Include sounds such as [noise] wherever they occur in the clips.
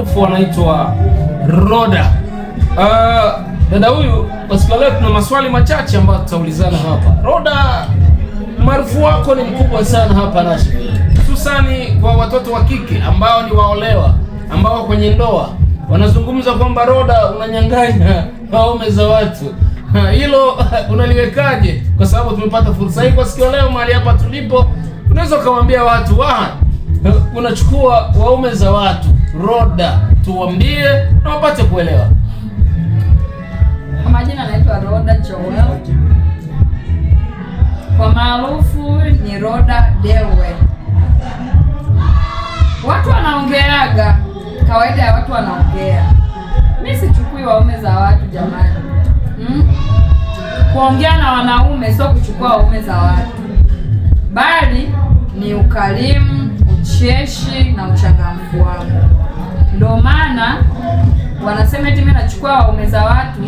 maarufu wanaitwa Roda. Uh, dada huyu kwa leo tuna maswali machache ambayo tutaulizana hapa. Roda, umaarufu wako ni mkubwa sana hapa Rashid, hususani kwa watoto wa kike ambao ni waolewa, ambao kwenye ndoa wanazungumza kwamba Roda unanyang'anya [laughs] waume za watu [laughs] hilo [laughs] unaliwekaje? Kwa sababu tumepata fursa hii kwa sikio leo mahali hapa tulipo, unaweza ukawaambia watu waha, unachukua waume za watu Roda, tuambie na wapate kuelewa. Kwa majina anaitwa Roda Joel, kwa maarufu ni Roda Dewe. Watu wanaongeaga kawaida ya watu wanaongea, mi sichukui waume za watu jamani, hmm? Kuongea na wanaume sio kuchukua waume za watu, bali ni ukarimu, ucheshi na uchanga uaminifu wao. Ndio maana wanasema eti mimi nachukua waume za watu.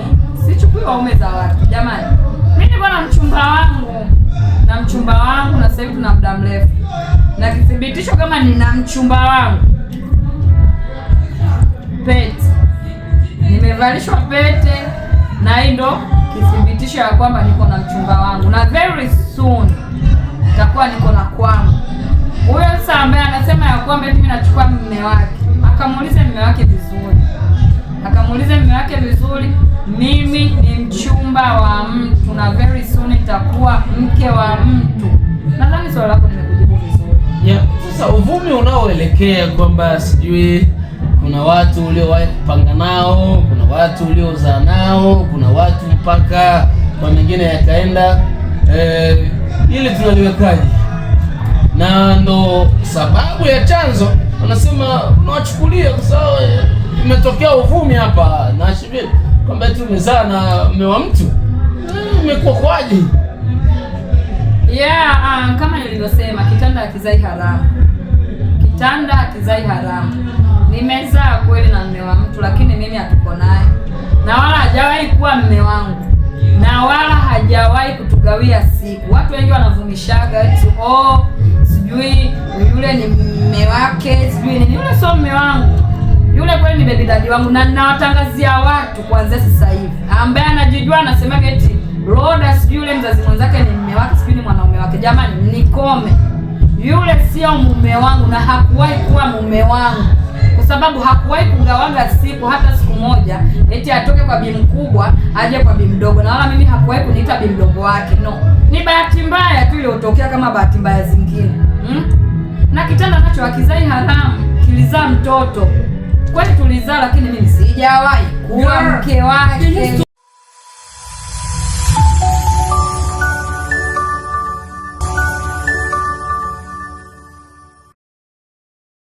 Sichukui waume za watu jamani, mimi niko na mchumba wangu na mchumba wangu, na sasa hivi tuna muda mrefu, na kithibitisho kama nina mchumba wangu pete, nimevalishwa pete, na hii ndo kithibitisho ya kwamba niko na mchumba wangu, na very soon nitakuwa niko na kwangu kwamba mimi nachukua mume wake, akamuulize mume wake vizuri, akamuulize mume wake vizuri, mimi ni mchumba wa mtu na very soon nitakuwa mke wa mtu. Nadhani swali lako nimekujibu vizuri. Yeah. Sasa uvumi unaoelekea kwamba sijui kuna watu uliowahi kupanga nao, kuna watu uliozaa nao, kuna watu mpaka kwa mengine yakaenda, eh, ili tunaliwekaje? ndo sababu ya chanzo wanasema nawachukulia kwa sababu eh, imetokea uvumi hapa shibiri kwamba tu umezaa na mume wa mtu eh, umekuwa kwaje? Yeah, uh, kama nilivyosema kitanda akizai haramu, kitanda akizai haramu. Nimezaa kweli na mume wa mtu, lakini mimi hatuko naye na wala hajawahi kuwa mume wangu na wala hajawahi kutugawia siku. Watu wengi wanavumishaga eti oh kweli ni melidaji wangu na ninawatangazia watu kuanzia sasa hivi, ambaye anajijua anasema eti Roda sijui yule mzazi mwenzake ni mume wake sijui ni mwanaume wake. Jamani, nikome. Yule sio mume wangu na hakuwahi kuwa mume wangu, kwa sababu hakuwahi kugawaga siku hata siku moja, eti atoke kwa bi mkubwa aje kwa bi mdogo, na wala mimi hakuwahi kuniita bi mdogo wake. No, ni bahati mbaya tu iliyotokea kama bahati mbaya zingine hmm? na kitanda nacho akizai haramu, kilizaa mtoto. Kwani tulizaa, lakini mimi sijawahi kuwa mke wake.